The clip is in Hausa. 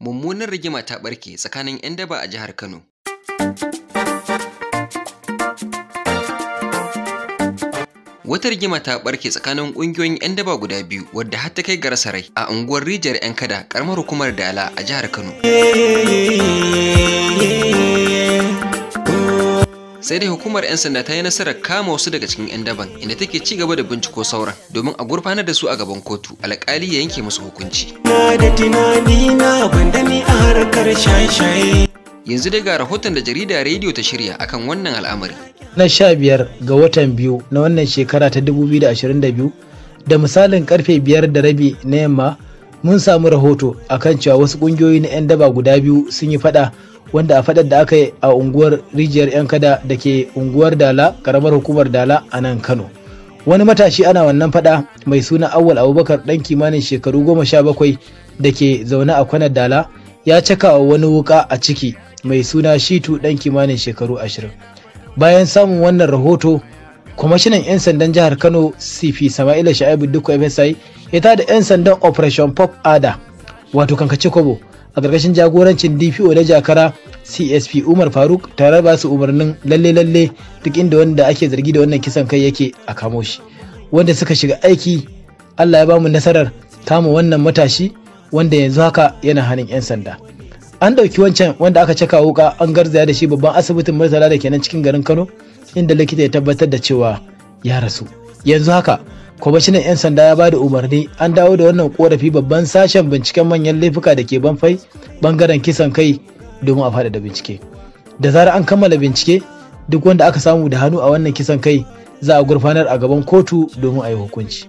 mummunar rigima ta barke tsakanin 'yan daba a jihar Kano. Wata rigima ta barke tsakanin ƙungiyoyin 'yan daba guda biyu wadda har ta kai ga rasa a unguwar Rijiyar 'yan kada karamar hukumar Dala a jihar Kano. sai dai hukumar 'yan sanda ta yi nasarar kama wasu daga cikin 'yan daban inda take ci gaba da binciko sauran domin a gurfanar da su a gaban kotu alƙali ya yanke musu hukunci yanzu dai ga rahoton da jarida rediyo ta shirya akan wannan al'amari na sha biyar ga watan biyu na wannan shekara ta 2022 da misalin karfe biyar da rabi na yamma mun samu rahoto akan cewa wasu kungiyoyi na 'yan daba guda biyu sun yi fada wanda a fadar da aka yi a unguwar rijiyar 'yan kada da ke unguwar dala karamar hukumar dala a nan kano wani matashi ana wannan fada mai suna awwal abubakar dan kimanin shekaru goma sha bakwai da ke zaune a kwanar dala ya caka wa wani wuka a ciki mai suna shitu dan kimanin shekaru ashirin bayan samun wannan rahoto kwamishinan 'yan sandan jihar kano cp sama'ila sha'ibu dukko fsi ya da 'yan sandan operation pop ada wato kankace kobo a ƙarƙashin jagorancin dpo na jakara csp umar faruk tare ba su umarnin lalle lalle duk inda wanda ake zargi da wannan kisan kai yake a kamo shi wanda suka shiga aiki allah ya bamu nasarar kama wannan matashi wanda yanzu haka yana hannun 'yan sanda an ɗauki wancan wanda aka caka wuka an garzaya da shi babban asibitin marsala da kenan cikin garin kano inda likita ya tabbatar da cewa ya rasu yanzu haka kwamishinan 'yan sanda ya ba da umarni an dawo da wannan korafi babban sashen binciken manyan laifuka da ke banfai bangaren kisan kai domin a faɗaɗa bincike da zarar an kammala bincike duk wanda aka samu da hannu a wannan kisan kai za a gurfanar a gaban kotu domin a yi hukunci.